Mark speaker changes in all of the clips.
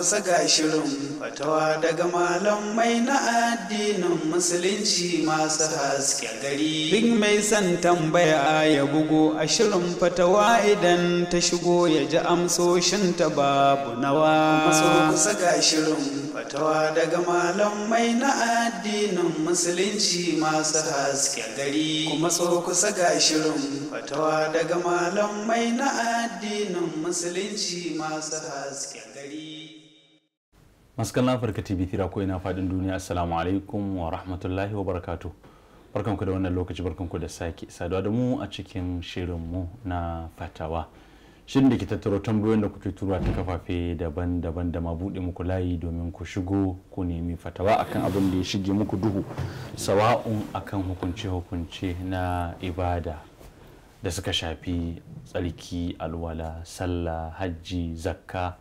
Speaker 1: kusa ga shirin fatawa daga mai na addinin musulunci masu haske gari. Bin mai son tambaya ya bugu a shirin fatawa idan ta shigo ya ji amsoshin ta babu nawa. Maso kusa ga shirin fatawa daga mai na addinin musulunci masu haske gari. Kuma so kusa ga shirin fatawa daga mai na addinin musulunci masu haske gari
Speaker 2: masu kallon afirka tv tira ko ina fadin duniya assalamu alaikum wa rahmatullahi wa barakatu barkanku da wannan lokaci barkanku da sake saduwa da mu a cikin shirinmu na fatawa shirin da ke tattaro tambayoyin da kuke tura ta kafafe daban-daban da ma buɗe muku layi domin ku shigo ku nemi fatawa akan abin da ya shige muku duhu sawa'un akan hukunce-hukunce na ibada da suka shafi tsarki alwala sallah hajji zakka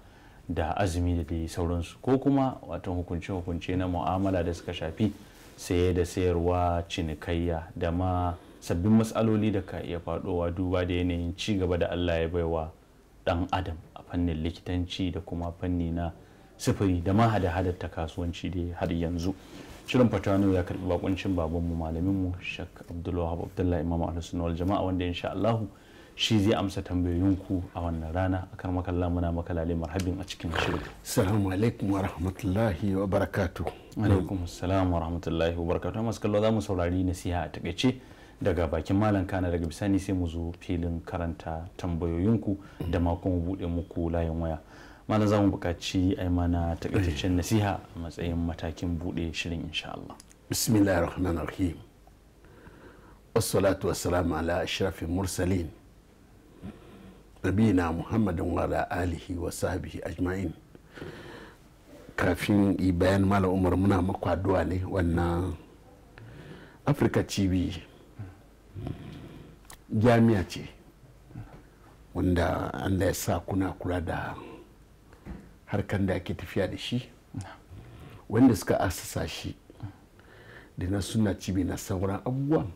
Speaker 2: da azumi da dai sauransu ko kuma watan hukunce-hukunce na mu'amala da suka shafi saye da sayarwa cinikayya da ma sabbin matsaloli da ka iya faɗowa duba da yanayin ci gaba da allah ya baiwa ɗan adam a fannin likitanci da kuma fanni na sufuri da ma hada hada ta kasuwanci da har yanzu shirin fatano ya karbi bakuncin babanmu malaminmu shak abdullahi abdullahi imam al jama'a wanda insha allahu shi zai amsa tambayoyin ku a wannan rana akan makalla muna makalale marhabin a cikin shirin. Salamu alaikum wa rahmatullahi wa barakatu. Alaikum salamu wa rahmatullahi wa barakatu. Masu kallo za mu saurari nasiha a takaice daga bakin malam kana daga bisani sai mu zo filin karanta tambayoyin ku da ma kuma buɗe muku layin waya. Malam za mu buƙaci
Speaker 3: yi mana takaitaccen nasiha a matsayin matakin buɗe shirin insha Allah. Bismillahir wasu Rahim. Wassalatu wassalamu ala ashrafil mursalin nabina muhammadin wala alihi wa sahbihi ajma'in kafin yi bayan malam umar muna makwaduwa ne wannan afirka tv jami'a ce wanda allah ya sa kuna kula da harkar da ake tafiya da shi wanda suka asasa shi da na suna cibi na sauran abubuwan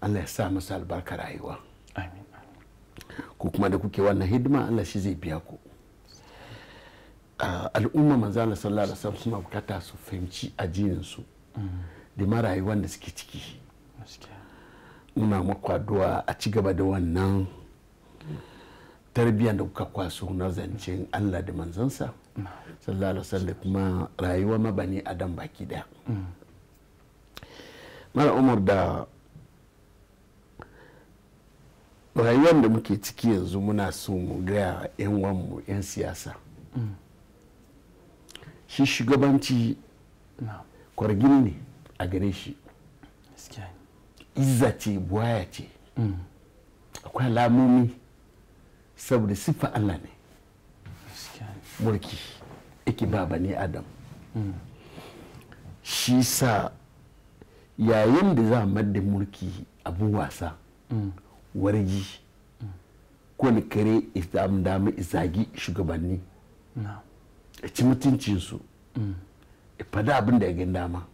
Speaker 3: allah ya sa masa albarka rayuwa amin ku kuma da kuke wannan hidima Allah shi zai biya ku al'umma manzo Allah sallallahu alaihi wasallam suna bukata su fahimci ajinin su da ma rayuwar da suke ciki muna muku a ci gaba da wannan tarbiyyar da kuka kwaso na zancen Allah da manzansa sallallahu alaihi wasallam kuma rayuwar mabani adam baki daya mm. mara umar da rayuwar da muke ciki yanzu muna so mu gaya 'yan wanmu 'yan siyasa mm. shi shugabanci kwargin ne a gare shi izza ce buwaya ce mm. akwai alamomi saboda siffa allah ne mulki yake ba ne adam mm. shi sa yayin da za a mulki abu wasa wargi kowane kare dami zagi shugabanni ya ci mutuncinsu mm. ya fada abin da ya gan dama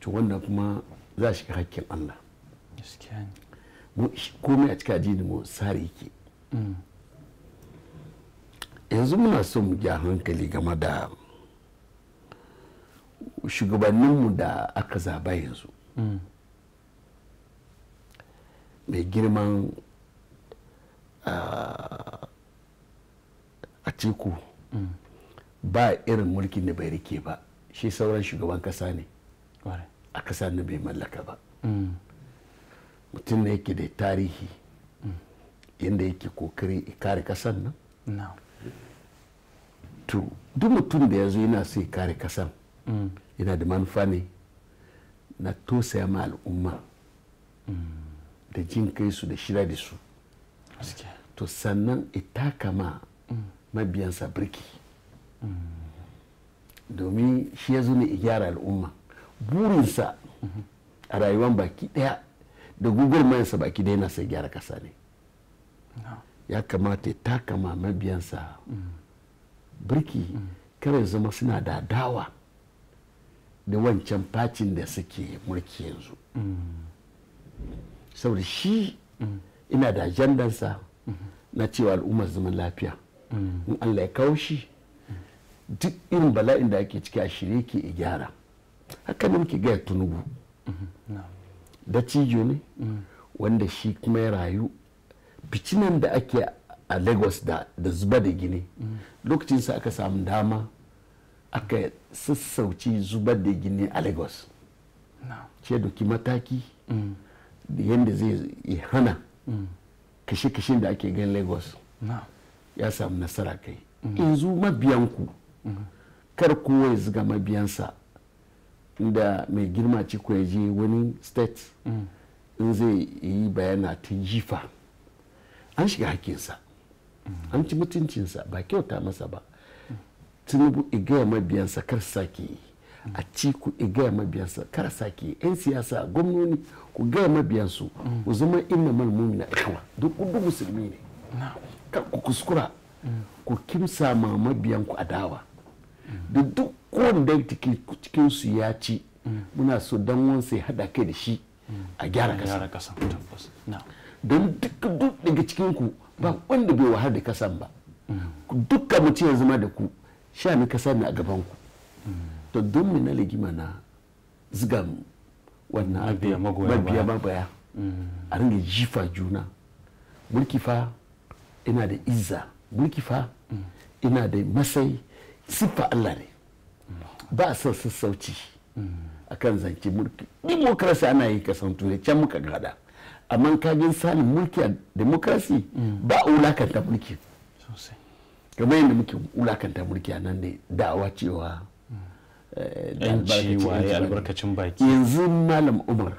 Speaker 3: to wannan kuma za shi hakkin Allah komai a cikin jini mu sare yake mm. yanzu muna son mu ja hankali game da shugabanninmu da aka zaba yanzu mm. mai girman a ciku mm. ba irin mulkin da bai rike ba shi sauran shugaban kasa ne a kasa da bai mallaka ba mm. mutum ne yake da tarihi mm. yadda yake kokari kare kasan nan to duk mutum da ya zo yana so ya kare kasan yana da manufa ne na tosaya ma al'umma da jin kai su da shira da su to sannan ita kama mabiyansa birki domin shi ya zo gyara al'umma burinsa a rayuwar baki daya da google mayansa baki daya nasa gyara kasa ne ya kamata ta kama mabiyansa birki kare zama suna da dawa da wancan facin da suke mulki yanzu mm. saboda shi ina da ajandansa na cewa al'ummar zaman lafiya in allah ya kawo shi duk irin bala'in da ake ciki a shirye ke a gyara haka ne muke gaya tunubu da cijo ne wanda shi kuma ya rayu bicinan da ake a lagos da zuba da gini lokacinsa aka samu dama aka sassauci zubar da gini a lagos ce doki mataki da yadda zai hana mm. kashe-kashen da ake gan lagos ya samu nasara kai yanzu mm. mabiyanku mm. kar kowa ya ziga mabiyansa da mai girma ci ya je wani state in zai yi bayana ta jifa an shiga hakinsa an ci mutuncinsa ba kyauta masa ba tinubu igaya mabiyansa kar sake yi a ci ku gaya mabiyansa kara sake yan siyasa gwamnoni ku gaya mabiyansu ku zama inna malmumi na ikawa duk kudu musulmi ne kar ku kuskura ku kimsa ma mabiyanku adawa da duk wanda cikin su ya ci muna so dan wansa ya hada kai da shi a gyara kasa don duk duk daga cikin ku ba wanda bai wahar da kasan ba dukkan mace ya zama da ku sha ni kasa na a gaban to don mu na legima na ziga wannan mabiya mabaya mm. a ringa jifa juna mulki fa ina da izza mulki fa mm. ina da masai siffa Allah ne mm. ba a son sassauci a kan zance mulki demokrasi ana yi kasan turai can muka gada amma kagin sanin mulki a demokrasi ba a wulakanta mulki kamar yadda muke wulakanta mulki a nan ne da'awa cewa Eh, yanci waye albarkacin baki yanzu malam umar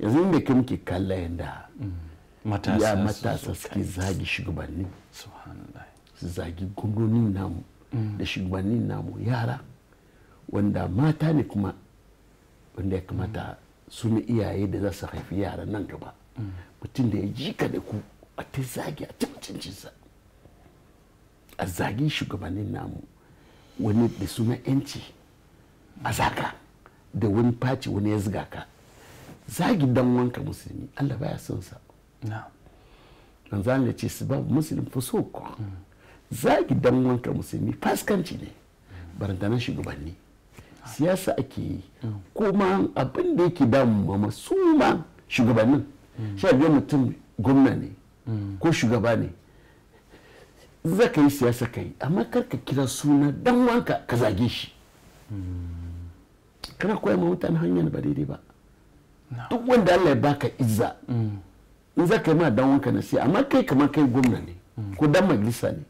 Speaker 3: yanzu da kai kalla yanda mm. ya matasa suke zagi shugabanni su zagi gudunin namu mm. da shugabannin namu yara wanda mata ne kuma wanda ya kamata mm. su ne iyaye da za su haifi yara nan gaba mutum da ya ka da ku a ta zagi a ta mutuncinsa a zagi shugabannin namu wani da suna 'yanci bazaka da wani faci wani ya ziga ka zagi dan wanka musulmi Allah baya son sa ce su ba musulmi zagi dan wanka musulmi faskanci ne barantanan shugabanni siyasa ake yi mm. kuma abin da yake damu ma su ma shugabannin mm. Shi mutum gwamna ne mm. ko shugaba ne zaka yi siyasa kai. amma karka kira suna dan wanka ka zage shi kana koya ma mutane hanyar ba daidai ba duk wanda Allah ya baka izza mm. in za ka yi ma dan wanka na siya amma kai kamar kai gwamna ne mm. ko dan majalisa ne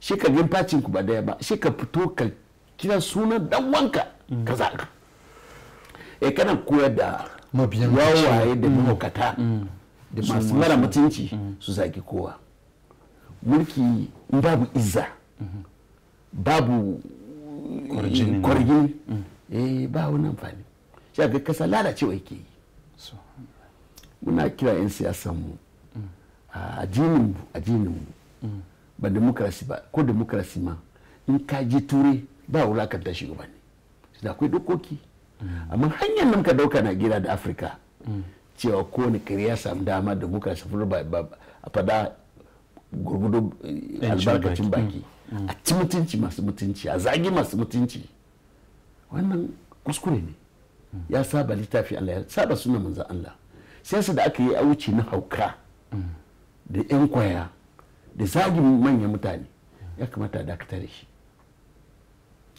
Speaker 3: shi ka gin facin ku ba daya ba shi ka fito ka kira sunan dan wanka mm. ka zaka eh kana koyar da mabiyan wawaye da mahaukata da masu mara mutunci su zaki kowa mulki babu izza mm-hmm. babu kwarjini eh ba wani amfani shi ga kasa lalacewa yake yi muna kira 'yan siyasan mu a addinin mu ba demokrasi ba ko demokrasi ma in ka ji ture ba wulakanta tashi ba ne shi da akwai dokoki amma hanyar nan ka dauka na gida da afirka cewa kowane kare ya samu dama demokrasi a fada gurgudu eh, albarkacin baki mm. a ci mutunci masu mutunci a zagi masu mutunci wannan kuskure ne ya saba littafi Allah ya saba suna manzan Allah sai su da aka yi a wuce na hauka da yan kwaya da zagin manyan mutane ya kamata a dakatar da shi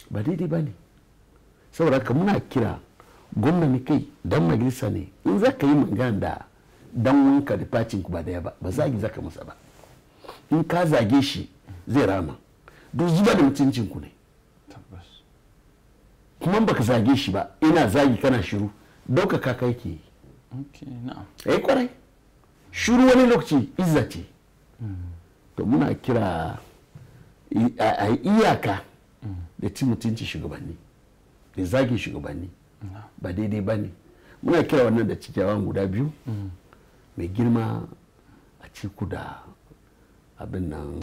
Speaker 3: ba daidai ba ne saboda ka muna kira ne kai dan majalisa ne in za ka yi magana da dan wanka da facin ba daya ba ba zagi za ka masa ba in ka zage shi zai rama duk zuba da mutuncin ku ne kuma baka zage shi ba ina zagi kana shiru dauka ka kai ke
Speaker 4: okay na'am
Speaker 3: eh, kwarai shiru wani lokaci izza ce to muna kira a iyaka da ci mutunci shugabanni da zagi shugabanni ba daidai ba ne muna kira wannan da cikawan guda biyu mm. mai girma a ciku da abin nan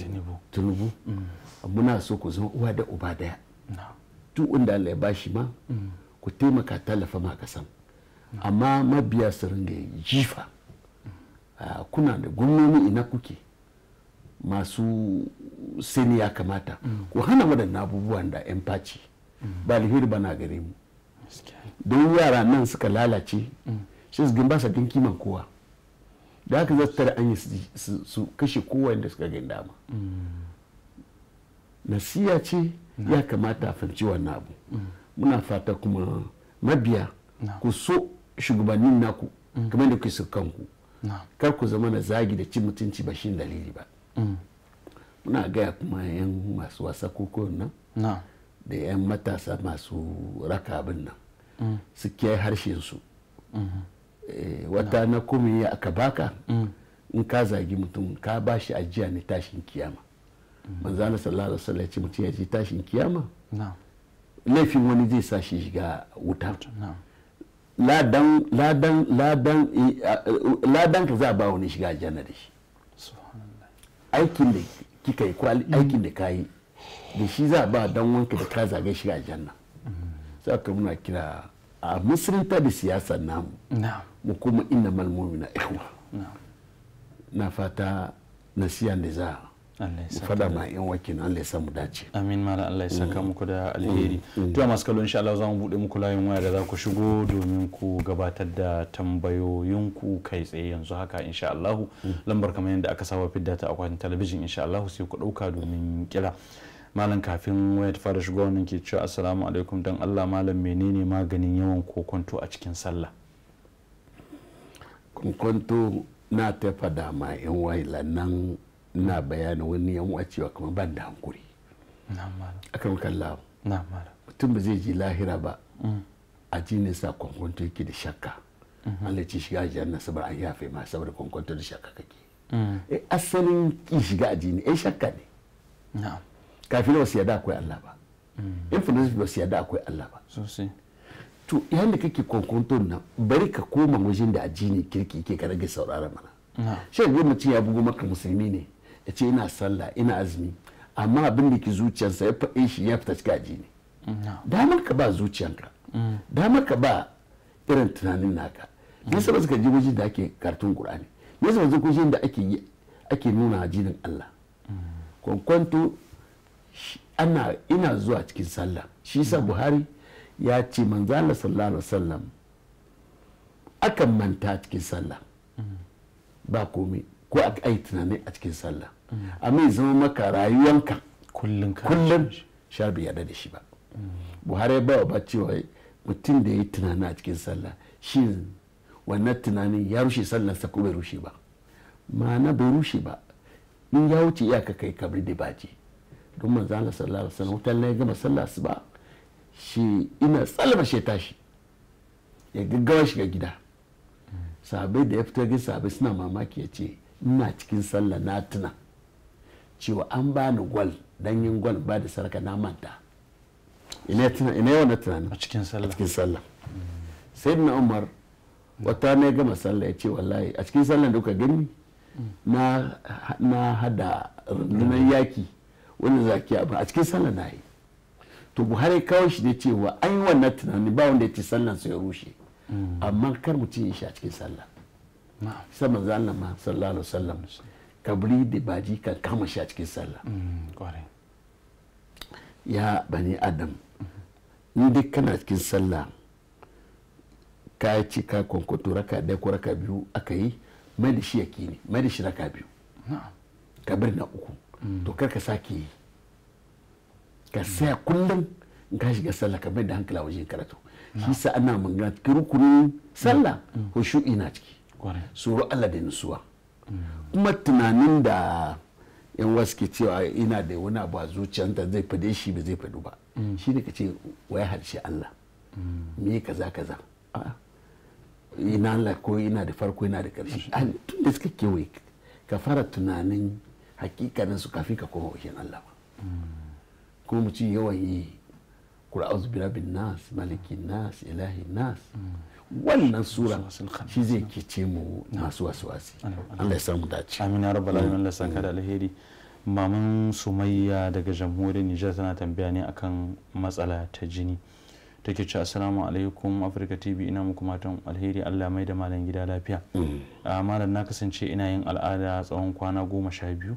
Speaker 3: tunubu mm. muna so ku zama uwa da uba daya duk da Allah ya bashi ma ku taimaka tallafa ma kasan amma mabiya su ringa jifa kuna da gwamnoni ina kuke masu sani ya kamata ku hana waɗannan abubuwan da 'yan faci ba alheri ba na gare mu don yara nan suka lalace shi su ba sa gan kiman kowa da haka za su tara an yi su kashe kowa da suka gan dama nasiya ce ya kamata a fahimci wannan abu muna fata kuma mabiya ku so shugabannin naku mm. kamar da ku su kanku kar ku zama na zagi da cin mutunci ba shi dalili ba mm. muna gaya kuma yan masu wasa koko nan da yan matasa masu raka abin nan mm. su harshen su mm-hmm. eh, wata na kome aka baka in ka zagi mutum ka bashi ajiya ne tashin kiyama manzo sallallahu alaihi wasallam ya ce mutum ya ji tashin kiyama laifin wani zai sa shi shiga wuta ladan ladan ladan eh, eh, ladan ka za ba wani shiga aljanna da shi aikin da kika yi kwali, mm. aikin da ka yi da shi za a ba dan wanka da ka zage shiga aljanna mm. za ka muna kira a musulunta da siyasa namu mu kuma inna malmumina ihwa na fata nasiyan da za fada ma yan wakin Allah ya samu dace amin mala
Speaker 2: Allah ya mm. saka muku da alheri to mm. mm. a masu kallo insha Allah za mu bude muku layin waya da za ku shigo domin ku gabatar da tambayoyinku kai tsaye yanzu haka insha Allah lambar kamar yadda aka saba fidda ta akwatin talabijin insha Allah sai ku ɗauka domin kira malam kafin waya ta fara shigo wannan ke cewa assalamu alaikum dan Allah malam menene maganin yawan kokonto a cikin
Speaker 3: sallah kokonto na ta fada ma yan waya nan ina bayanin wani yan cewa kuma ban da hankuri akan kalla mutum ba zai ji lahira ba mm. a ji ne sa kwankwanto yake da shakka mm-hmm. Allah ce shiga ajiyar na sabar an yafe ma sabar kwankwanto da shakka kake mm. eh asalin ki shiga a jini eh shakka ne kafin wasu yada akwai Allah ba in philosophy wasu yada akwai Allah ba to yayin da kake kwankwanto nan bari ka koma wajen da a jini kirki ke ka rage saurara mana shi ga mutum ya bugu maka musulmi ne ya ce ina sallah ina azumi amma abin da ke zuciyarsa ya faɗe shi ya fita cikin aji ne damar ka ba zuciyanka damar ka ba irin tunanin naka ne yasa suka je wajen da ake kartun qur'ani ne yasa da ake ake nuna ajinin Allah kwankwanto ana ina zuwa cikin sallah shi sa Buhari ya ce manzala sallallahu alaihi wasallam akan manta cikin sallah ba komai ko a yi tunani a cikin sallah a mai zama maka rayuwanka kullum sha bai yada da shi ba buhari ba ba cewa mutum da ya yi tunani a cikin sallah shi wannan tunanin ya rushe sallarsa ko bai rushe ba ma'ana bai rushe ba in ya wuce iyaka kai kabri da baji don manzo Allah sallallahu alaihi wasallam wutan ya gama sallah ba shi ina shi tashi ya gaggawa shiga gida sabai da ya fito ga sabai suna mamaki ya ce ina cikin sallah na tunan. cewa an ba ni gwal dan yin gwal ba da sarka na manta ina ina wannan tunanin a cikin sallah a cikin sallah sai na umar wata ne gama sallah ya ce wallahi a cikin sallah da kuka gani na na hada rundunar yaki wani zaki abu a cikin sallah na yi to buhari kawai shi ne cewa an yi wannan tunani ba wanda ya ce sallan su ya rushe mm. amma kar mutum ya shi a cikin sallah sama zanen ma sallallahu alaihi wasallam kabri da baji ka kama shi a cikin sallah mm, ya bani adam in duk kana cikin sallah ka ci ka kwankwato raka ɗaya ko raka biyu aka yi mai da shi yaki ne mai da shi raka biyu ka bari na uku mm. to kar ka sake yi ka saya kullum in ka shiga sallah ka bai da hankali wajen karatu shi sa ana magana rukunin sallah ko mm. shu'i na ciki suru Allah da nutsuwa kuma tunanin da yan wasu ke cewa ina da wani abu a zuciyanta zai fade shi ba zai fadu ba mm. shi ne ka ce waya harshe Allah mm. me kaza kaza ina Allah ko ina da farko ina da karshe mm. tun da suka kewaye ka fara tunanin hakikanin su kafin ka koma wajen Allah ba kuma mu ci yawan yi kura auzu birabin nas malikin nas ilahin nas wannan sura shi zai kice mu masu wasu wasi Allah ya mu dace amina
Speaker 2: rabbal alamin Allah saka da eh. alheri maman sumayya daga jamhuriyar Nijar tana tambaya ne akan matsala ta jini take ce assalamu alaikum afirka tv ina muku matan alheri allah mai da malam gida lafiya mm. a ah, malam na kasance ina yin al'ada tsawon kwana goma sha biyu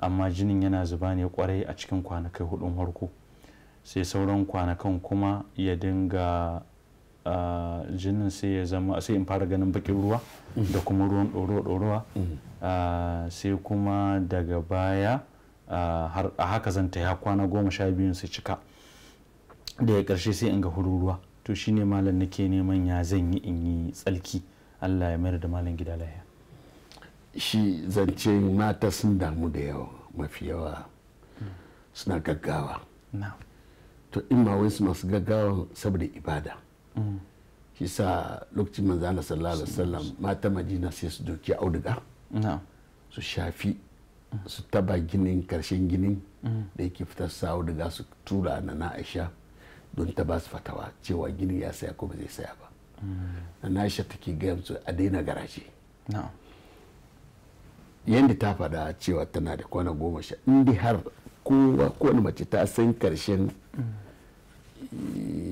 Speaker 2: amma jinin yana zuba ne kwarai a cikin kwanakai hudun harko sai sauran kwanakan kuma ya dinga jinin sai ya zama sai in fara ganin bakin ruwa da kuma ruwan ɗoro-ɗorowa mm. sai kuma daga baya a haka zanta ya kwana goma sha biyun su cika da ya karshe sai in ga ruwa. to shi ne malam nake neman ya zan
Speaker 3: yi in yi tsalki allah ya mayar da malam gida lahiya shi zance mata sun damu da yawa mafi yawa suna gaggawa to in ma wai su masu gaggawa saboda ibada Kisa lokacin manzo Allah sallallahu alaihi wasallam mata Madina sai su doki auduga su shafi su taba ginin karshen ginin da yake fitar sa auduga su tura na na Aisha don ta ba su fatawa cewa gini ya saya ko ba zai saya ba na Aisha take ga su a daina garaje yadda ta fada cewa tana da kwana goma sha inda har kowa kowane mace ta san karshen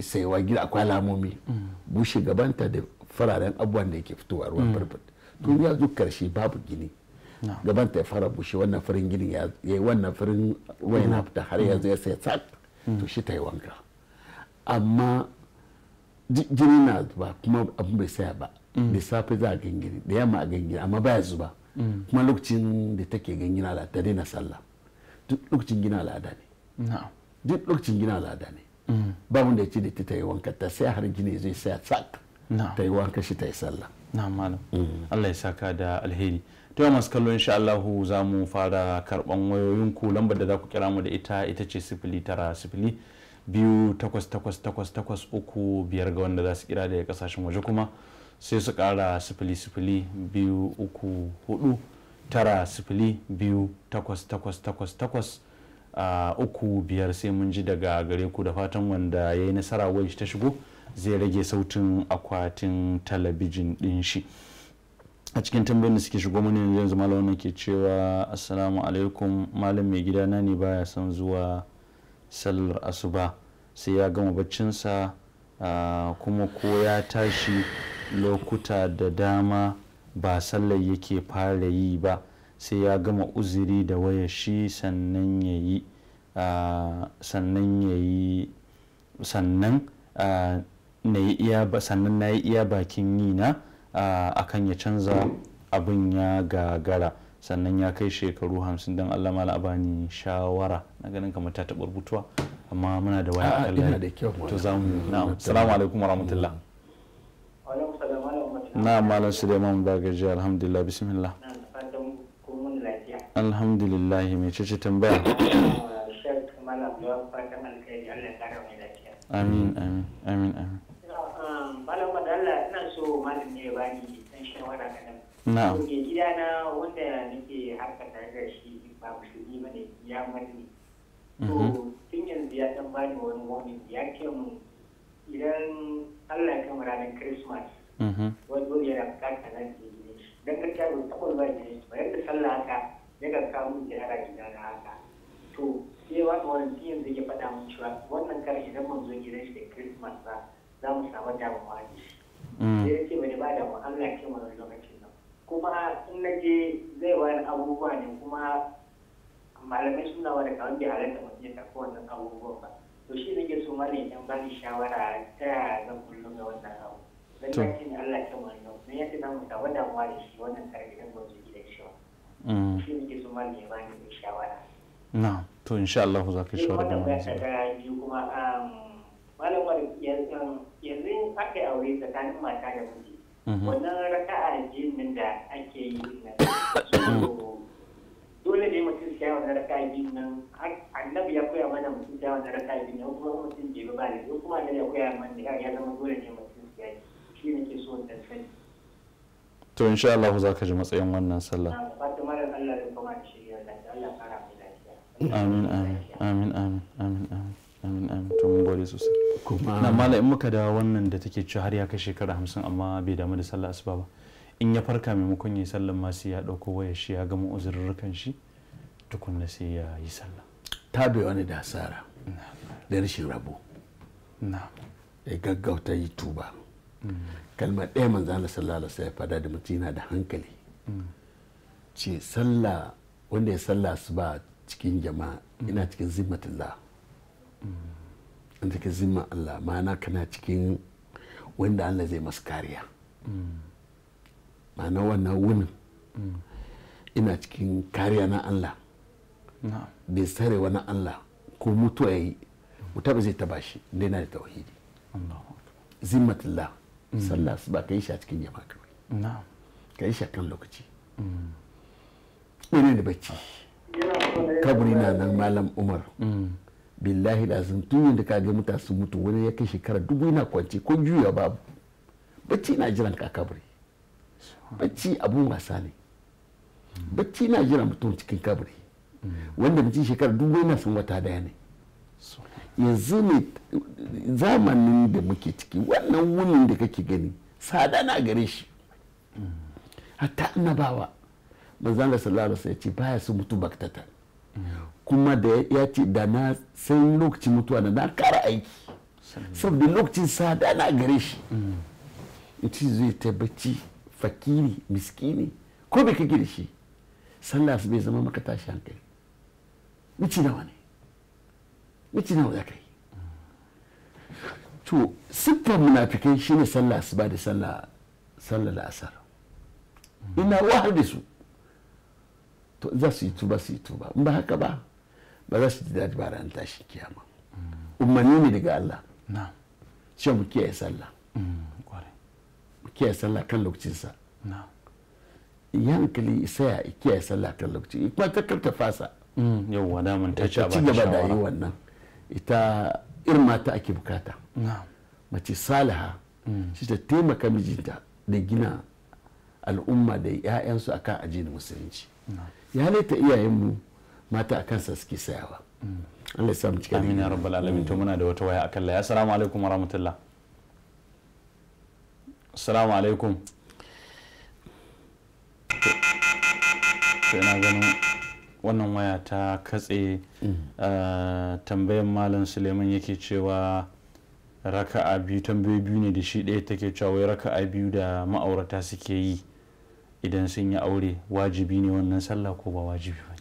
Speaker 3: saiwa gida akwai alamomi mm. bushe gabanta da fararen abubuwan da yake fitowa ruwan mm. farfar to ya zo karshe babu gini gabanta ya fara bushe wannan farin gini ya yi wannan farin ruwan yana mm. fita har ya zo ya sai tsat to shi ta yi wanka amma jini na zuba kuma abin bai saya ba da safe za a gangini da yamma a gangini amma baya zuba kuma lokacin da take gangina la ta daina sallah duk lokacin gina al'ada ne duk lokacin gina al'ada ne ba wanda ya ci da ta yi wanka ta sai har gine zai sai sak ta yi wanka shi ta yi sallah na malam mm.
Speaker 2: Allah ya saka da alheri to yau masu kallon insha Allah za mu fara karban wayoyin ku lambar da za ku kira mu da ita ita ce sifili tara sifili biyu takwas takwas takwas takwas uku biyar ga wanda za su kira daga kasashen waje kuma sai su kara sifili sifili biyu uku hudu tara sifili biyu takwas takwas takwas takwas a uku biyar sai mun ji daga gare ku da fatan wanda ya yi nasara wai ta shigo zai rage sautin akwatin talabijin din shi a cikin tambayin da suke shigo mini yanzu malamin ke cewa assalamu alaikum malam mai gida na ne baya son zuwa sallar asuba sai ya gama baccinsa kuma ko ya tashi lokuta da dama ba sallar yake fara yi ba sai ya gama uziri da waya shi sannan ya yi sannan ya na yi iya sannan na yi iya bakin yi na akan ya canza abin ya gagara sannan ya kai shekaru hamsin don Allah mala bani shawara na ganin kamar ta taɓar butuwa amma muna da waya akalla to za mu na'am salamu alaikum warahmatullah na'am malam suleiman bagaji alhamdulillah bismillah alhamdulillah mai cece tambaya
Speaker 4: amin amin amin amin
Speaker 5: malam madalla ina so malam ne ba ni dan shawara kadan na ke gida na wanda nake harka tare da shi ba musulmi ba ne ya mani to tun yanzu ya dan bani wani wani ya ce mu idan Allah ya kama ranar Christmas wani yana bukata na ke gida dan gaskiya ba ta ba ne ba yadda sallah ka yakan kawo da ziyara gida na haka to sai wa volunteer da ya faɗa mun cewa wannan kar idan mun zo gidan shi da Christmas ba za mu samu damuwa da shi mm. sai ya ce bane ba da mu ke mu lokacin nan kuma in na je zai wani abubuwa ne kuma malamai suna wani kawai da halatta mutum ya tafi wannan abubuwan ba to shi nake so ma ne yan ba ni shawara ta yaya zan kullum ga wannan abu dan ya ce Allah ke mu lokacin ya ce za mu samu damuwa da shi wannan kar idan mun zo gidan shi ba Mm. shi ne ke so malami ba ni shawara
Speaker 2: na to insha Allah za ka shawara da mai zai
Speaker 5: ta kuma um, malam wani yanzu um, aka yi aure tsakanin mata da miji mhm. wannan raka'a biyun nan da ake yi na mm. dole ne mutum ya wannan raka'a biyun nan annabi ya koya mana mutum ya wannan raka'a biyun nan kuma mutum bai ba ne kuma annabi ya koya mana ya zama dole ne mutum ya shi ne ke so wannan sani
Speaker 2: to insha Allah za ka ji matsayin wannan sallah amin amin amin amin amin amin amin to mun gode sosai
Speaker 3: kuma na mala in
Speaker 2: muka da wannan da take ci har ya kai shekara hamsin amma bai damu da sallah asuba ba in ya farka maimakon ya yi sallan ma sai ya ɗauko waya shi ya gama
Speaker 3: uzurrukan shi tukunna sai ya yi sallah ta bai wani da asara da rashin rabo Na. da gaggauta yi tuba kalma ɗaya manzo Allah sallallahu alaihi wasallam fada da mutum yana da hankali mm. ce sallah wanda ya sallah su ba cikin jama'a ina cikin zimmatullah in cikin zimma Allah ma'ana kana cikin wanda Allah zai masu kariya ma'ana wannan wunin ina cikin kariya na Allah bai sarewa na Allah ko mutuwa ya yi wuta ba zai taba shi da yana da tauhidi zimmatullah mm. sallah ba ka yi shi a cikin jama'a
Speaker 4: kawai
Speaker 3: ka yi shi a kan lokaci ne da bacci kaburi na nan malam umar billahi da sun tun da ka ga su sun mutu wani ya kai shekara dubu ina kwance ko juya babu bacci na jiran ka kaburi bacci abun wasa ne bacci na jiran mutum cikin kaburi wanda mutum shekara dubu ina sun wata daya ne yanzu ne zamanin da muke ciki wannan wunin da kake gani sada na gare shi hatta annabawa manzala sallallahu alaihi ya ce baya su mutu baktata kuma da ya ce da na sai lokacin mutuwa da na kara aiki saboda lokacin sada na gare shi ita zai tabbaci fakiri miskini ko bai kake da shi sallah su bai zama maka tashi hankali mici nawa ne mici nawa za ka yi to siffar munafikai shine sallah su ba da sallah asar ina wahar da su to za su yi tuba su yi tuba ba haka ba ba za su ji daɗi ba ran tashi kiyama umarni ne daga Allah cewa mu kiyaye sallah mm, mu kiyaye sallah kan lokacinsa ya hankali isa ya kiyaye sallah kan lokacin kuma ta karta fasa mm, yawwa damun ta ci gaba da yi wannan ita irin mata ake bukata mace salaha mm. shi ta taimaka mijinta da gina al'umma da 'ya'yansu akan ajiyar musulunci ya ta iyayenmu mata a kansa suke sayawa Allah ya samu cikin amin ya rabbal alamin
Speaker 2: to muna da wata waya akan laya assalamu alaikum warahmatullah assalamu alaikum to ganin wannan waya ta katse mm. eh, tambayan malam suleiman yake cewa raka'a biyu tambayi biyu ne da shi ɗaya take cewa wai raka'a biyu da ma'aurata suke yi idan sun yi aure wajibi ne wannan sallah ko ba
Speaker 3: wajibi ba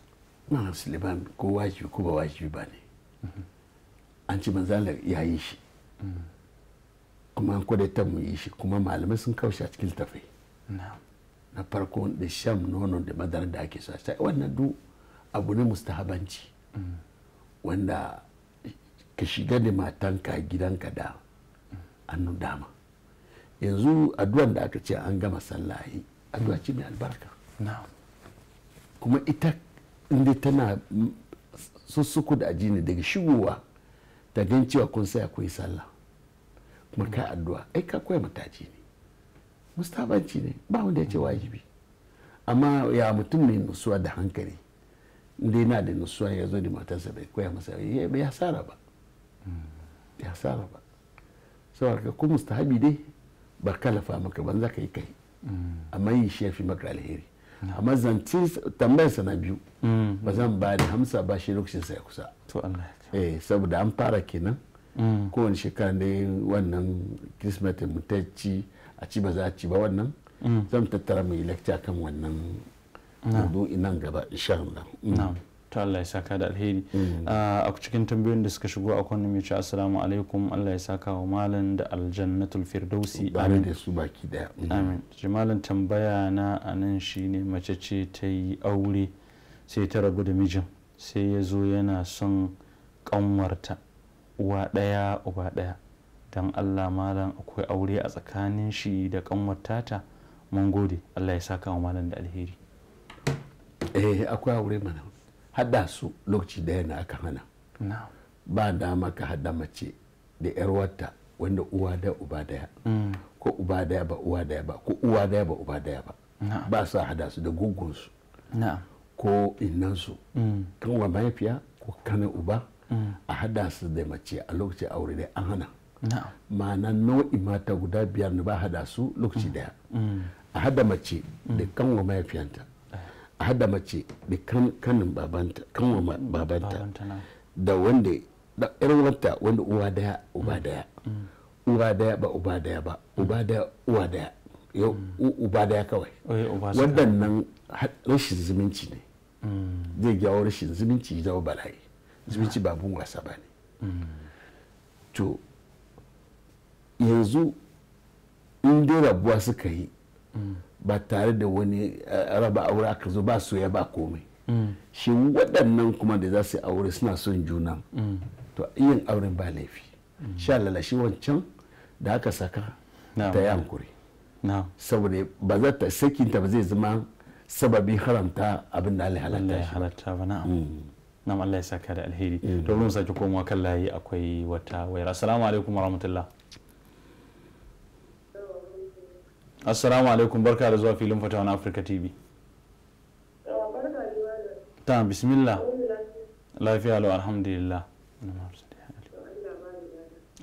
Speaker 3: ne na suleiman ko wajibi ko ba wajibi ba ne an ci manzala ya yi shi kuma an ta mu yi shi kuma malamai sun kaushe a cikin tafai
Speaker 4: na
Speaker 3: farko da sham nono da madara da ake sa wannan du abu ne mustahabanci wanda ka shiga da matanka gidanka da annu dama yanzu addu'an da aka ce an gama sallahi addu'a ce mai albarka kuma ita inda tana sussuku da ajini daga shigowa ta gan cewa kun sai akwai sallah kuma kai addu'a ai ka koya mataji ne mustabanci ne ba wanda ya ce wajibi amma ya mutum mai nutsuwa da hankali inda yana da nutsuwa ya zo da matarsa bai koya masa ya sara ba ya sara hmm. ba saboda ko mustahabi dai ba kalafa maka ban za ka yi kai amma yi shi ya fi maka alheri amma zance tambayar na biyu ba zan ba da hamsa ba shi lokacin sa ya kusa eh saboda an fara kenan mm. kowane shekara ne wannan kirismet mu ci a ci ba za a ci ba wannan mm. zan tattara mu yi lecture kan wannan maudu'i inan gaba insha Allah mm.
Speaker 2: to Allah ya saka da alheri ah, a cikin tambayoyin da suka shigo a kwanan mai ce assalamu alaikum Allah ya saka wa malam da aljannatul firdausi amin da su baki daya amin jimalin tambaya na anan shine mace ce ta yi aure sai ta rabu da mijin sai ya zo yana son kanwarta uwa daya uba daya dan Allah malam akwai aure a tsakanin shi da
Speaker 3: kanwarta ta mun gode Allah ya saka wa malam da alheri eh akwai aure mana hada su lokaci daya na aka hana ba dama ka hada mace da yar wata wanda uwa da uba daya mm. ko uba daya ba uwa daya ba ko uwa daya ba uba daya ba ba sa hada su da su ko innansu mm. kan wa mahaifiya ko kanin uba mm. a hada su da mace a lokaci aure da an hana ma'ana nau'i mata guda biyar ne ba hada su lokaci daya a hada mace da kanwa mahaifiyanta hada mace da kanin babanta kanwa babanta da wanda da wata wanda uwa daya uba mm. daya mm. uwa daya ba uba daya ba uba daya uwa daya yau mm. uba daya kawai waɗannan rashin zumunci ne zai jawo rashin zumunci ya zama bala'i ah. zumunci bun wasa ba ne to yanzu in dai rabuwa suka yi ba tare da wani eh, raba aure aka zo ba soya ba komai mm. shi waɗannan kuma da za su aure suna son juna mm. to yin auren ba laifi mm. sha shi wancan da aka saka ta yi hankuri saboda ba za ta sakinta ba zai zama sababi haramta abin da
Speaker 2: Allah halatta ba na'am Allah ya saka da alheri to mun saki komawa kan layi akwai wata wayar assalamu alaikum warahmatullahi assalamu alaikum barka da zuwa filin fata wani afirka tv ta bismillah lafiya lau alhamdulillah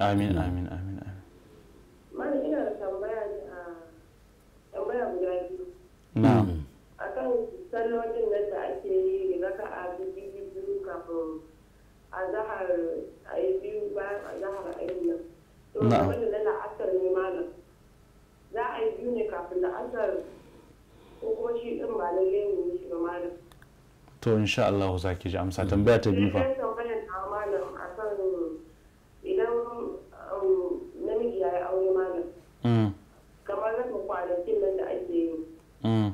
Speaker 4: amin amin amin amin
Speaker 6: ina da tambaya tambaya guda biyu na'am akan sallolin nan da ake yi rigaka a biyu biyu kafin azahar a yi biyu bayan azahar a yi nan to wanda na ne kafin da an zara ko kuma shi din ba lalle ne shi ba malam
Speaker 2: to insha Allah za ki ji amsa tambaya ta biyu fa
Speaker 6: tambayar ta malam akan idan um, namiji ya yi aure malam mm. kamar rasa kwanakin nan da ake yi mm.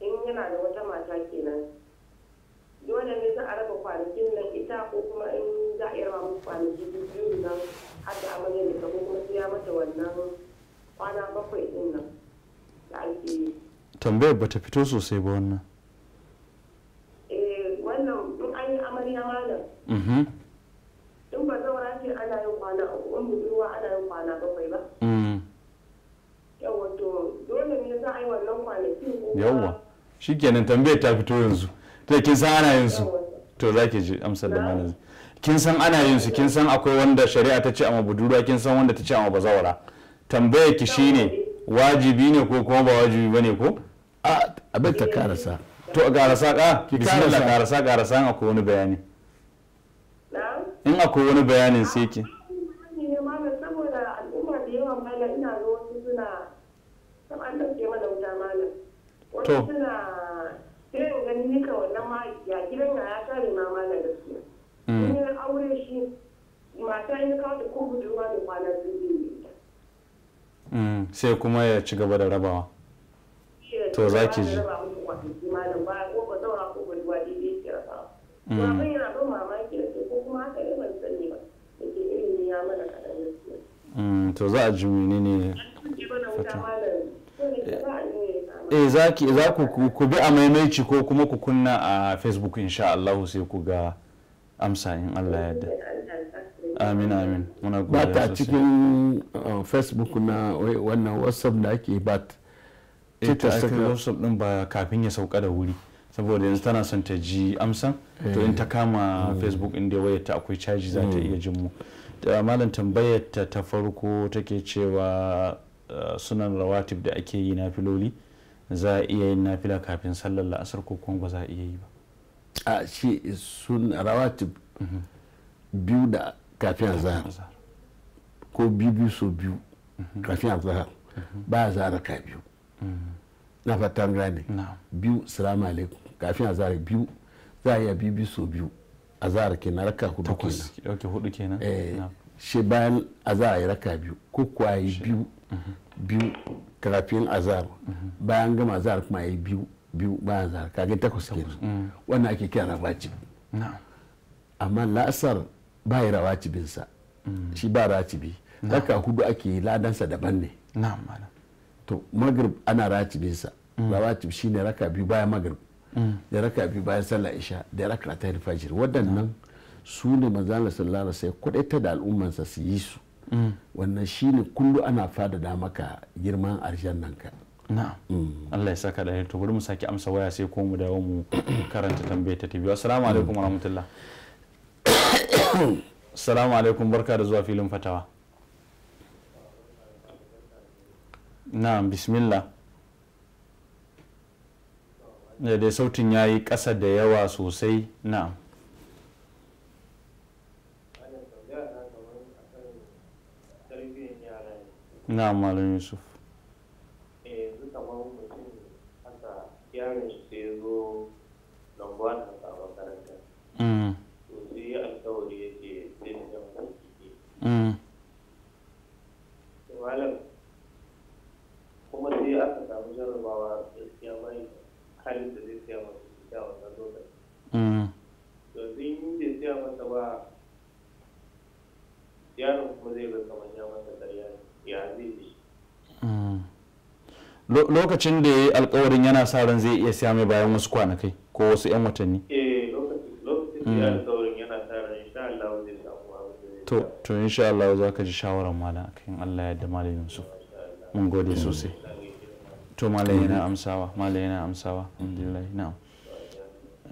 Speaker 6: in yana da wata mata kenan dole ne za a raba kwanakin nan ita ko kuma in za a yi raba musu kwanaki biyu nan har da amarya da kuma sai ya mata wannan kwana bakwai din
Speaker 2: nan ba ta fito sosai ba wannan
Speaker 6: eh wannan in an
Speaker 4: mm-hmm.
Speaker 2: shikenan tambayar ta fito yanzu to kin san ana yin su to za ki ji amsar da malam kin san ana yin su kin san akwai wanda shari'a ta ce amma budurwa kin san wanda ta ce amma bazawara tambayar ki shine wajibi ne ko kuma ba wajibi bane ko a abin ta karasa to karasa ka bismillah karasa karasa an akwai wani bayani in akwai wani bayanin sai ki to
Speaker 6: Mm. Mm. wannan Mm. Mm. gidan Mm. Mm. Mm. Mm. da Mm. Mm. aure shi mata ya Mm. Mm. ko budurwa da kwana Mm.
Speaker 2: Mm. sai kuma ya ci gaba da rabawa
Speaker 6: to za ki ji mm.
Speaker 2: Mm. to za a ji menene
Speaker 6: eh za ki za
Speaker 2: ku bi a maimaici ko kuma ku kunna a facebook insha Allah sai ku ga amsa in Allah ya yarda amin amin muna godiya sosai ba ta cikin uh, facebook na wannan whatsapp
Speaker 3: da ake ba ita aka whatsapp
Speaker 2: din ba kafin ya sauka da wuri saboda yanzu tana son ta ji amsan to in ta eh. kama hmm. facebook in da ta akwai caji za ta hmm. iya jin mu malam tambayar ta ta farko take cewa uh, sunan rawatib da ake yi na filoli za a iya yin nafila kafin sallar la'asar ko kuma ba za a iya
Speaker 3: yi ba a shi sun rawatib mhm. biyu da kafin azahar ko biyu so biyu kafin azahar ba azahar ka biyu na fatan gane biyu salamu alaikum kafin azahar biyu za a iya biyu so biyu azahar kenan raka hudu kenan hudu kenan eh, shi bayan azahar ya raka biyu ko kuwa yi biyu biyu kafin azahar bayan gama azahar kuma yi biyu biyu bayan azahar kage takwas kenan mm. wannan ake kira rabaci amma la'asar ba ya rawatibinsa shi ba ratibi haka hudu ake yi ladansa daban ne to magrib ana ratibinsa rawatib mm. shine raka biyu bayan magrib mm. da raka biyu bayan sallah isha da raka ta fajiri waɗannan su ne manzana sallallahu sai wasallam ta da al'ummansa su yi su mm. wannan shine kullu ana fadada maka girman arshen nan ka
Speaker 2: Allah ya saka da to bari mu saki amsa waya sai ko mu dawo mu karanta tambayar ta TV assalamu alaikum warahmatullahi Assalamu alaikum barka da zuwa filin fatawa. na bismillah. Da eh, dai sautin ya yi ƙasa da yawa sosai na na Malam Yusuf. lokacin da ya yi alkawarin yana sa ran zai iya siya mai bayan wasu kwanakai ko wasu 'yan watanni
Speaker 7: eh lokacin da ya mm. alkawarin yana sa ran insha Allah zai samu
Speaker 2: to to insha Allah za ka ji shawarar malam kan Allah ya da malam Yusuf mun gode mm. sosai to malam mm. yana amsawa malam yana amsawa alhamdulillah na'am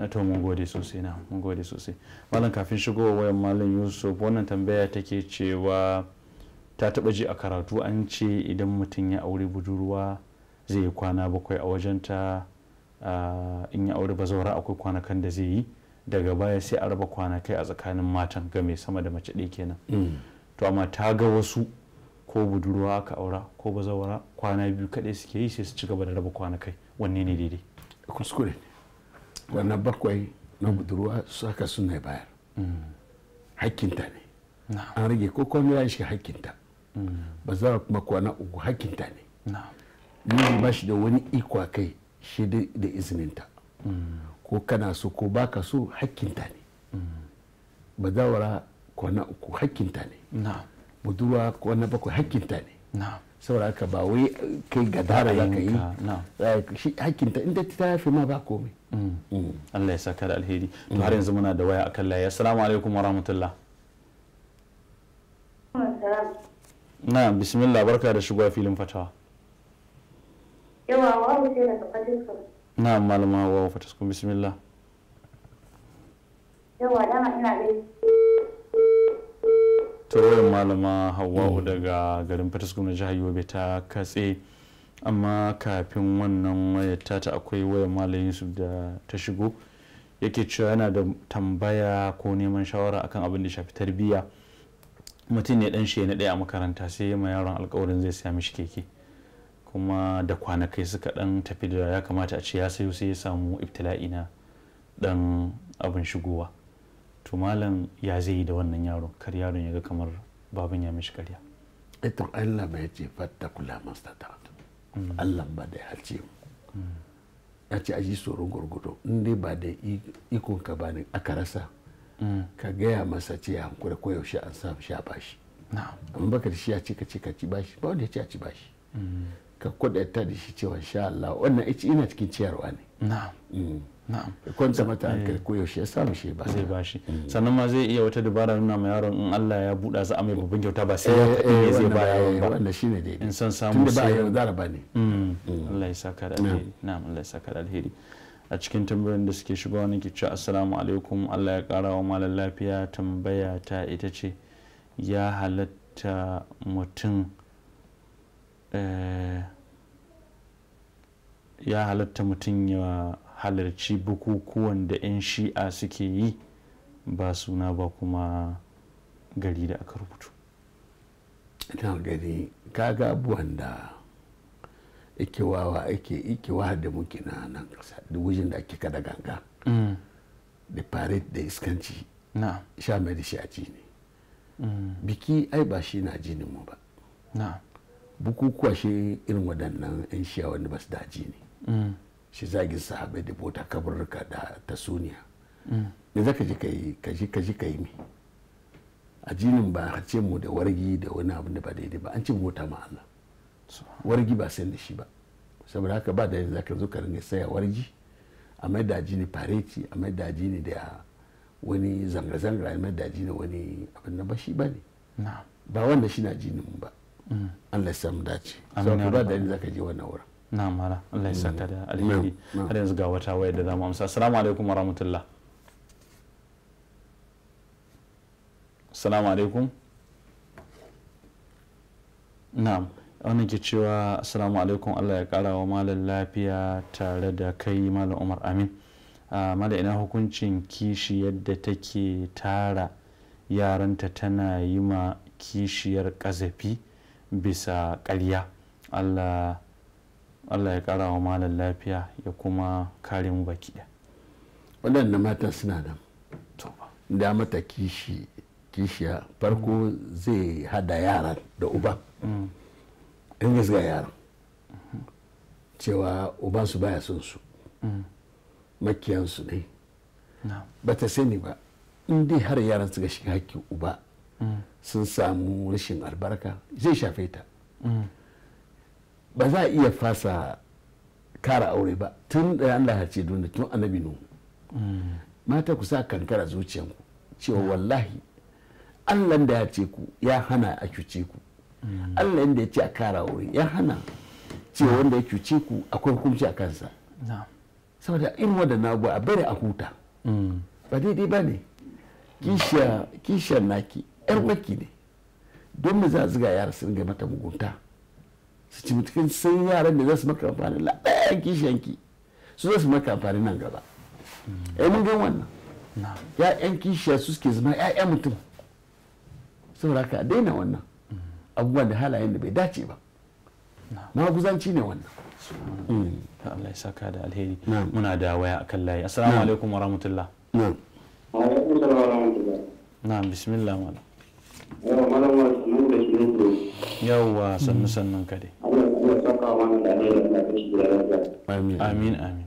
Speaker 2: eh, to mun gode sosai na mun gode sosai malam kafin shigowa wayan malam Yusuf wannan tambaya take cewa ta taba ji a karatu an ce idan mutum ya aure budurwa zai yi kwana bakwai a wajenta in ya aure bazawara akwai kwanakan da zai yi daga baya sai a raba kwanakai a tsakanin matan ga mai sama da mace ɗaya kenan mm. to amma ta ga wasu ko budurwa aka aura ko bazawara kwana biyu kaɗai suke yi sai su ci gaba da raba kwanakai wanne ne daidai kuskure
Speaker 3: wannan bakwai na budurwa saka suna bayar mm. hakkinta ne an rage ko komai ya shiga hakkinta mm. ba za kuma kwana uku hakkinta ne miji ba shi da wani ikwa kai shi da izininta ko kana so ko baka so hakkinta ne ba zawara kwana uku hakkinta ne budurwa kwana bakwai hakkinta ne saboda haka ba wai kai gadara za ka yi shi hakkinta inda ta yafe ma ba komai mm. Mm.
Speaker 2: Allah ya saka da alheri to mm. har yanzu muna da waya akan layi assalamu alaikum wa rahmatullah na bismillah barka da shigowa filin fatawa
Speaker 6: yawa wa sai daga fajinsu
Speaker 2: na malama wawu bismillah
Speaker 6: yawa dama ina dai
Speaker 2: turoyin malama hawa'u daga garin fataskun na jihar yobe ta katse amma kafin wannan wayar tata akwai wayar malam yusuf da ta shigo yake cewa yana da tambaya ko neman shawara akan abin da shafi tarbiyya mutum ne dan shi na ɗaya a makaranta sai ma yaron alkawarin zai sami shi keke kuma da kwanakai suka dan tafi da ya kamata a ce ya sayo sai ya samu ibtila'i na dan abin shigowa to malam ya zai yi da wannan yaron kar yaron ya
Speaker 3: ga kamar babin ya mishi karya eh ita Allah bai ce fatta kula mastata Allah ba da halce mu ya ce aji mm. mm. tsoron gurgudo in dai ba da ikon ka ba ne aka rasa mm. ka gaya masa ce ya hankura ko yaushe an sa shi a bashi amma baka da shi a ce ka ce ka ci bashi ba wanda ya ce a ci bashi ka kudata da shi cewa sha Allah wannan ita ina cikin ciyarwa ne na'am mm. na'am kwanta mata eh. hankali ko yaushe ya samu shi ba zai ba shi mm. sannan ma zai iya wata dabara nuna ma yaron in Allah
Speaker 2: ya buɗa za a mai babban kyauta ba sai ya kaɗi eh, eh, zai ba yaron ba wannan shine dai in san samu sai tunda ba yau ba ne mm. Allah ya saka da alheri na'am Allah ya saka da alheri a cikin tambayoyin da suke shiga wani ke cewa assalamu alaikum Allah ya kara wa malam lafiya tambaya ta ita ce ya halatta mutum eh ya halatta mutum ya halarci bukukuwan da 'yan shi'a suke yi ba suna ba kuma gari
Speaker 3: da aka rubutu ina gani kaga abubuwan da ikewawa ake ikewa da muke na nan kasa da wajen da ake kada ganga mm. da parade da iskanci sha mai da shi a jini. Mm. biki ai ba shi na jinin mu ba bukukuwa shi irin waɗannan 'yan shiya wanda ba su da jini. shi zagin sahabai da bota kabarurka da tasuniya me zaka ji ka yi ka ji ka ji ka yi mi jinin ba a ce mu da wargi da wani abin da ba daidai ba an ce mota ma Allah wargi ba sai da shi ba saboda haka ba da yin zaka zo ka ringa saya wargi a mai daji ne fareti a mai daji ne da wani zanga-zanga a mai daji ne wani abin na ba shi ba ne ba wanda shi na jinin ba mm. Allah ya samu dace saboda ba da yin zaka je wannan wurin
Speaker 4: na mara
Speaker 2: Allah ya saka
Speaker 3: da alheri har yanzu ga wata waya da za mu amsa assalamu alaikum
Speaker 2: warahmatullah assalamu alaikum na'am wannan ke cewa assalamu alaikum Allah ya kara wa malam lafiya tare da kai malam Umar Amin ah, mala ina hukuncin kishi yadda take tara yaranta tana yi ma kishiyar kazafi bisa ƙarya Allah allah ya kara wa malam lafiya ya kuma kare mu baki ɗaya
Speaker 3: waɗanda matan suna nan da mata kishi kishiya farko zai hada yara da uba in mm. gasga yaran cewa uba su baya son su mm. makiyansu ne ba ta sani ba in dai har yaran suka shiga hakkin uba mm. sun samu rashin albarka zai shafe ta ba za a iya fasa kara aure ba tun da Allah ya ce duniya tun annabi nu mata ku sa kankara zuciyanku cewa wallahi Allah da ya ce ku ya hana a cuce ku Allah da ya ce a kara aure ya hana cewa wanda ya cuce ku akwai hukunci a kansa saboda irin na abubuwa a bari a huta mm. ba daidai ba ne kishiyar naki yar waki ne don mu za a ziga yara sun ga mata mugunta su ci mutukin sun yaran da za su maka amfani labayan kishiyanki su za su maka amfani nan gaba ai mun gan wannan ya'yan kishiya su suke zama ya'yan mutum saboda haka daina wannan abubuwan da halayen da bai dace ba maguzanci ne wannan ta Allah ya saka da alheri muna da waya akan layi assalamu alaikum
Speaker 2: wa rahmatullah na'am bismillah malam yawwa sannu sannun ka
Speaker 7: Amin.
Speaker 2: Amin, amin.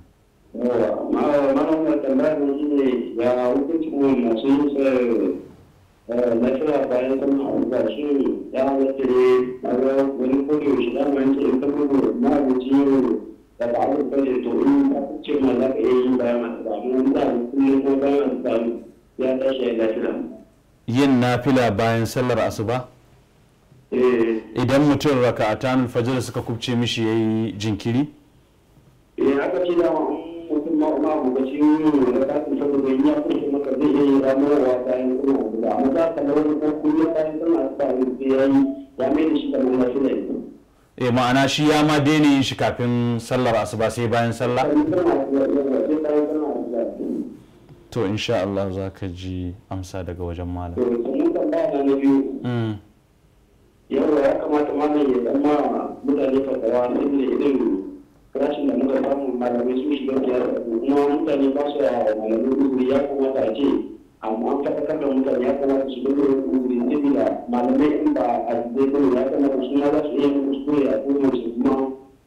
Speaker 7: malam mai tambaya da shi ne ya hukuncin masu yin lafiya bayan kuma abubuwa shi ya halatta ne a wani kodo shi da mai ce ta kodo na abinci yau da ba a rufe ne to in ba ku ce ma za ka iya yin bayan masu damu wani za a kulle ko bayan masu damu ya tashi ya lafiya.
Speaker 2: yin nafila bayan sallar asuba? Eh. idan mutum raka a tanul fajar suka kubce mishi ya yi jinkiri?
Speaker 7: eh aka ce dama mutum ma ma bukaci yin ta kasin saboda ya kushe maka zai iya yi ramuwa bayan kuma guda amma za ka da wani ko kuma bayan kuma sa yi ya yi ya mai da shi kamar na shi
Speaker 2: ne ma'ana shi ya ma daina yin shi kafin sallar asuba sai bayan sallah to insha Allah za ka ji amsa daga wajen malam na
Speaker 7: biyu. Mm. yawa ya kamata malam ya dan ma mutane fatawa saboda irin rashin da muka samu malamai sun shiga siyasa kuma mutane ba su a malamai uzuri ya kamata a ce amma an faɗakar da mutane ya kamata su dinga yin uzuri saboda malamai in ba a zai bane ya kamata su ma za su iya yin kuskure a kowace kuma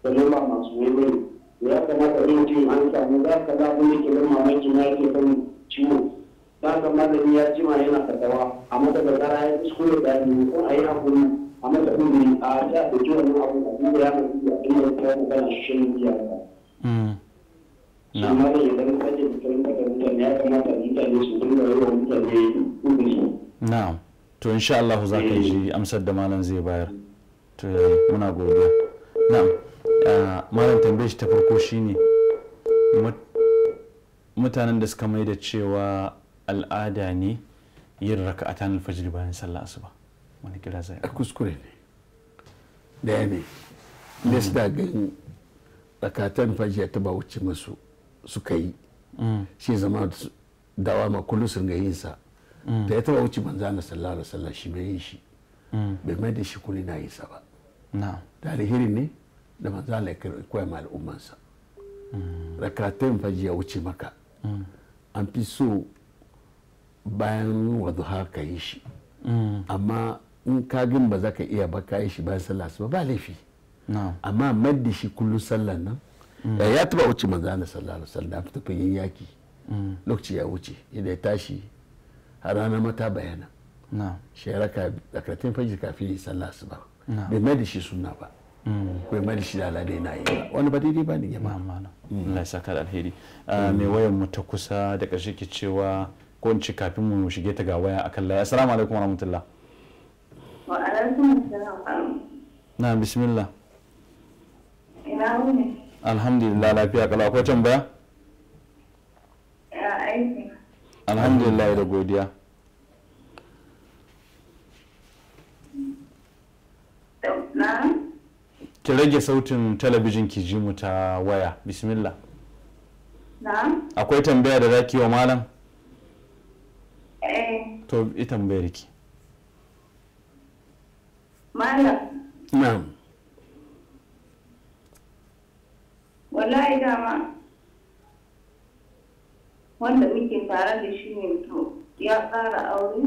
Speaker 7: sannan ba masu wai bane ya kamata yin mutum an samu za ka za abin da ke ban mamaki ma yake kan ciwo za ka malami ya jima yana fatawa amma daga zara ya kuskure da ne ko a yi hakuri a masa kuma a ta da jiwa ne abu da duk ya mutu da duk ya ta magana shi ne biya ba amma da idan ka ce mutum da mutane ya kamata mutane su dinga yi wa mutane hukumi
Speaker 2: na'am to insha Allah za ka ji eh. amsar da malam zai bayar to muna godiya na malam tambayar shi ta farko shine mutanen da suka mai da cewa al'ada ne yin raka'atan alfajir bayan sallah asuba
Speaker 3: wani kira zai eh, a kuskure ne daya ne da mm. gani tsakatan fajiya ta ba wuce musu suka yi mm. shi zama dawa ma kullum sun ga yinsa mm. Da ya taba wuce manzo na sallallahu alaihi wasallam shi bai yi shi bai mai da shi kuni na yinsa ba da alheri ne da manzo Allah ya kwaya ma al'ummansa rakatan fajiya wuce maka an fi so bayan wadu haka yi shi amma in ka gin ba za ka iya ba ka yi shi bayan sallah ba ba laifi amma mai da shi kullum sallah nan da mm. eh, ya taba wuce na sallallahu alaihi wasallam fita yin yaki mm. lokaci ya wuce idan ya tashi har rana mata bayana shi ka raka tsakatin fajir kafin yi sallah su ba bai mai da shi suna ba kuma mm. mai da shi da alade na yi ba wani ba daidai ba ne ya ba Allah
Speaker 2: ya saka da alheri ah, mai wayan mu ta kusa da ƙarshe ke cewa ko in ci kafin mu shige ta ga waya akan laya assalamu alaikum warahmatullahi na bismillah
Speaker 6: ina wuni
Speaker 2: alhamdulillah lafiya kala akwai tambaya
Speaker 6: ya aiki
Speaker 2: alhamdulillah da godiya ki rage sautin talabijin ki ji mu ta waya bismillah akwai tambaya da za ki yi wa malam eh. to ita tambayar ki
Speaker 6: Malam. Na'am. Wallahi dama wanda muke tare da shi ne to ya fara aure.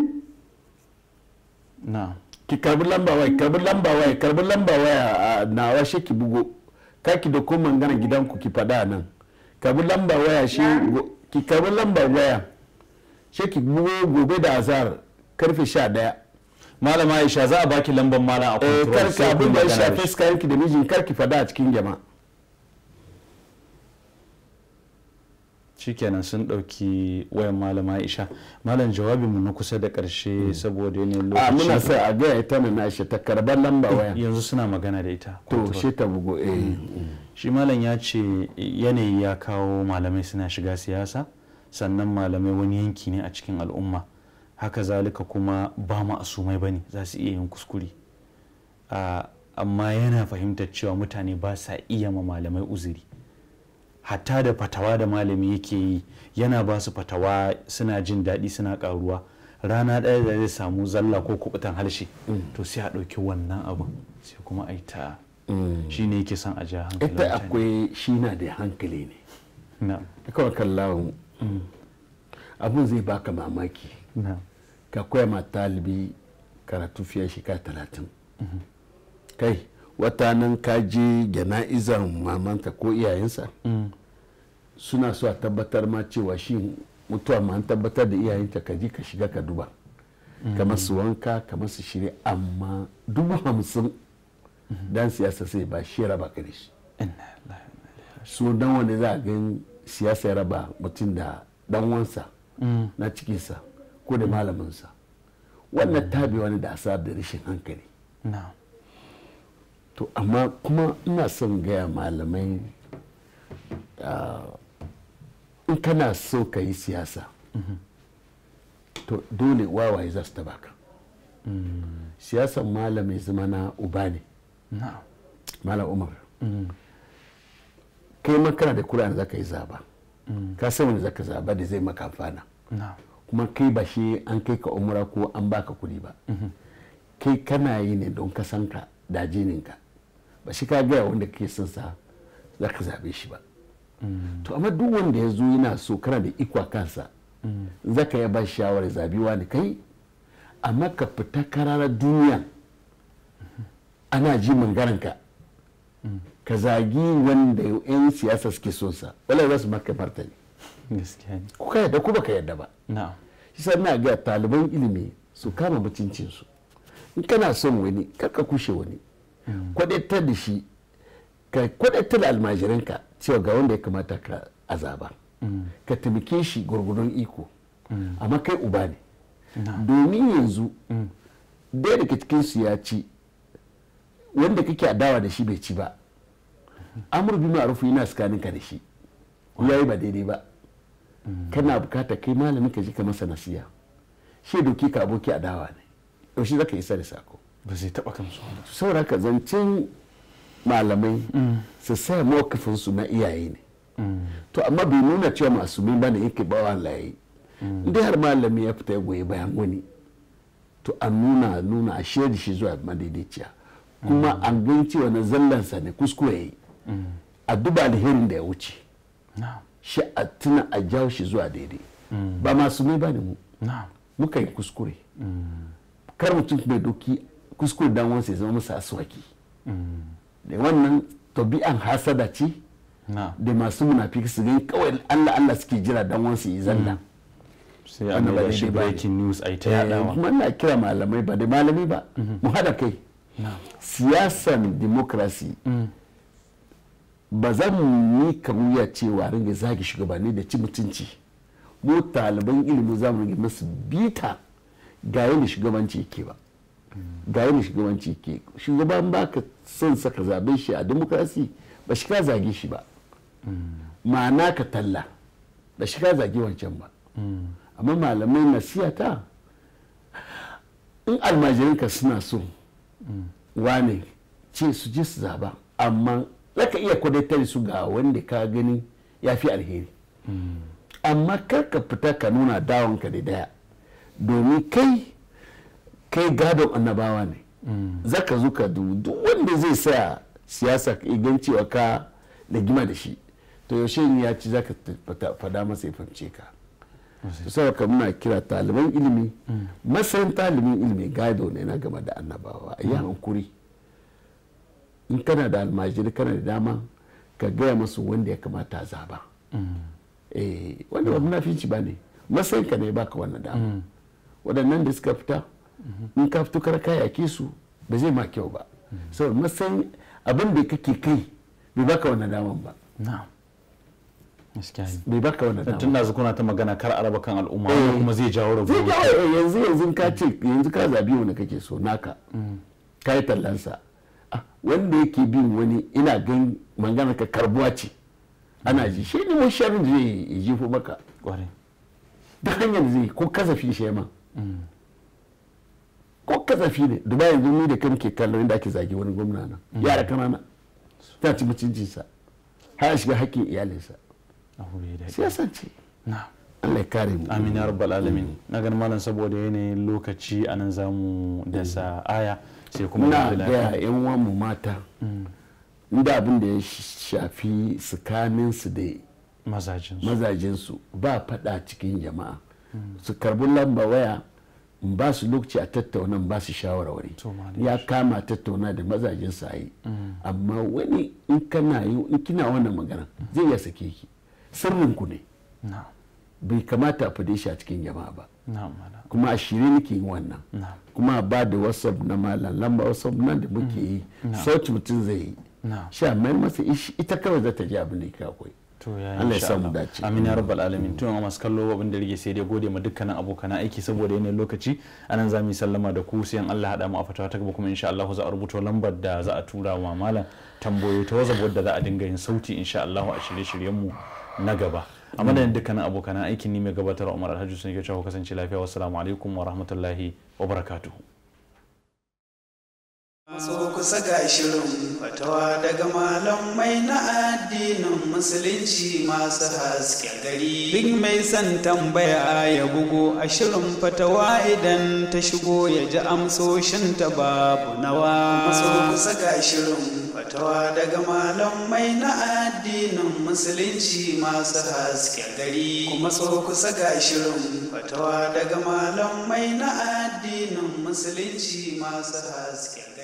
Speaker 3: Na'am. Ki karbi lamba waya, karbi lamba waya, karbi lamba waya a nawa shi ki bugo. Kaki da ko mangana gidanku ki fada nan. Karbi lamba waya shi ki karbi lamba waya. Shi ki bugo gobe da azar karfe 11. malama Aisha za a baki lambar malam a kuma kar ki abin da ya shafi skype da miji kar ki fada a cikin jama'a
Speaker 2: shikenan sun ɗauki wayan malama Aisha malam jawabin mu na kusa da ƙarshe hmm. saboda yanayin ah, lokaci a muna sai a ga ita na Aisha ta karban lamba eh, waya yanzu suna magana da ita to shi ta bugo eh hmm. shi malam ya ce yanayi ya kawo malamai suna shiga siyasa sannan malamai wani yanki ne a cikin al'umma haka zalika kuma ba mu asumai bane za su iya yin kuskure amma yana fahimtar cewa mutane ba sa iya ma malamai uzuri hatta da fatawa da malami yake yi yana ba su fatawa suna jin daɗi suna ƙaruwa rana ɗaya da zai samu zalla ko kubutan harshe mm. to sai a ɗauki wannan abin sai kuma a ta mm. shi ne yake son a ja hankali
Speaker 3: akwai shi na da hankali ne na kawai mm. abin zai baka mamaki ka koya ma talibi karatu fiye shekara talatin kai wata nan ka je jana'izar mamanta ko iyayensa mm. suna so a tabbatar ma cewa shi mutuwa ma an tabbatar da iyayenta ka ji ka shiga ka duba mm. kamar su wanka kamar su shirya amma dubu hamsin dan siyasa sai ba shi raba shi so dan wani za a gan siyasa ya raba mutum da dan wansa mm. na cikinsa ko da malaminsa wannan tabi wani da asar da rashin hankali to amma kuma ina son gaya malamai in kana so ka yi siyasa mhm. to dole wawaye za su taba ka mm. siyasan malamai zama na uba ne malam umar mm. kai makana da kura za ka yi zaba mm. ka san wani za ka zaba da zai maka amfana kuma kai ba shi an kai ka umra ko an baka kuɗi ba mhm. kai kana yi ne don ka san ka da ka ba shi ka gaya wanda kake son sa za ka zabe shi ba mhm. to amma duk wanda ya zo yana so kana da ikwa kansa mhm. za ka ya ba shawarar zabiwa ne kai amma ka fita karara duniya ana ji mangaranka ka zagi wanda 'yan siyasa suke son sa wala za su maka martani kuka yadda ku baka yadda ba shi sa ina ga taliban ilimi su kama mutuncin su in kana son wani karka kushe wani mm. kwadatar da shi ka kwadatar da almajiranka cewa ga wanda ya kamata ka azaba mm. ka taimake shi gurgurun iko mm. amma kai uba ne domin yanzu daya daga cikin ya ci wanda kake adawa da shi bai ci ba mm-hmm. amur bi yana tsakaninka da shi ya yi ba daidai ba kana bukata kai malamin ka ji ka masa nasiya shi doki ka aboki dawa ne yaushe zaka isa da sako ba zai taba kamsu saboda ka zancen malamai mm. su sa mawakafin su na iyaye ne mm. to amma bai nuna cewa masu ba bane yake bawa layi. Mm. inda har malami ya fita ya goyi bayan wani to a nuna nuna a da shi zuwa madaidaiciya kuma an gan cewa na zallansa ne kuskure yi a duba alherin da ya wuce shi a tuna a jawo shi zuwa daidai mm. ba masu mai ba ne mu muka yi kuskure mm. kar mutum mai doki kuskure dan wansa ya zama masa aswaki mm. da wannan tabi'an hasada ce da masu munafiki su gani kawai Allah Allah suke jira dan wansa ya zalla sai an ba shi breaking news yi ta wa eh, kuma ina kira malamai ba da malami ba mm-hmm. mu hada kai siyasan democracy ba za mu yi kamuya cewa ringa zagi shugabanni da ci mutunci mu taliban ilimi za mu ringa masu bita ga yadda shugabanci yake ba ga yadda shugabanci yake shugaban ba ka son saka zabe shi a demokrasi ba shi ka zage shi ba ma'ana ka talla ba shi ka zage wancan ba amma malamai nasiyata in almajirinka suna so wane ce su je su zaba amma zaka iya kwadaitar su ga wanda ka gani ya fi alheri amma kar ka fita ka nuna dawonka da daya domin kai kai gadon annabawa ne zaka zo ka duk wanda zai saya siyasa ka cewa ka gima da shi to yaushe ya ci zaka fada masa ya fahimce ka saboda muna kira taliban ilimi masayin talibin ilimi gado ne na game da annabawa a yi hankuri in kana da almajiri kana da dama ka gaya masu wanda ya kamata zaba mm. eh wanda wani nafinci ba ne ka ne baka wannan dama mm. waɗannan da suka fita mm-hmm. in ka fito kar kayake su ba zai ma kyau ba mm. sau matsayin abin da kake kai bai baka wannan daman ba bai baka wannan daman tun da kuna ta magana kar araba kan al'umma eh. kuma zai jawo rabu eh, yanzu yanzu ka ce yanzu ka zabi wanda kake so naka ka yi tallansa wanda yake bin wani ina gan maganar ka karbuwa ce ana ji shi ne mun sharrin zai jifo maka da hanyar zai ko kasafi shi ma mm. ko kasafi ne da yanzu ni da kan ke kallon inda ake zage wani gwamna nan mm. yara kanana ta ci mutuncinsa har shiga hakkin iyalinsa siyasa ce Allah ya
Speaker 2: kare mu amin ya rabbal alamin mm. na ganin malam saboda yanayin lokaci anan zamu dasa
Speaker 3: aya sai kuma na gaya yan mu mata mm. inda abin da ya shafi su da mazajinsu ba fada cikin jama'a mm. su karbi lamba waya ba su lokaci a tattauna ba su shawarwari ya kama tattauna da mazajinsu a yi mm. amma wani in kana yi in kina wannan magana zai iya sake ki sirrin ku ne bai kamata a fade shi a cikin jama'a ba kuma a shirye nake yi wannan kuma ba da whatsapp na malam lamba whatsapp nan da muke mm. yi sauti mutum zai yi sha mai masa ita kawai za ta ji abin da ya akwai
Speaker 4: Allah ya samu dace. Amin ya mm.
Speaker 3: rabbal alamin. Tun masu kallo
Speaker 2: abin da rige sai dai gode ma dukkanin abokan aiki saboda yanayin lokaci anan za mu yi sallama da ku sai Allah hada mu a fatawa ta gaba kuma insha Allah za a rubuta lambar da za a tura wa malam tambayoyi ta wazab da za a dinga yin sauti insha Allah a shirye-shiryen mu na gaba. a madadin dukkanin abokan aikin ni mai gabatar Umar Alhaji sun ke cewa kasance lafiya wassalamu alaikum wa rahmatullahi wa barakatuhu
Speaker 1: Masu kusa ga shirin fatawa daga malamai na addinin musulunci masu haske gari. Duk mai son tambaya ya bugu a shirin fatawa idan ta shigo ya ji amsoshinta babu nawa. Masu kusa ga shirin fatawa daga malamai na addinin musulunci masu haske gari kuma so kusa ga shirin fatawa daga malamai na addinin musulunci masu haske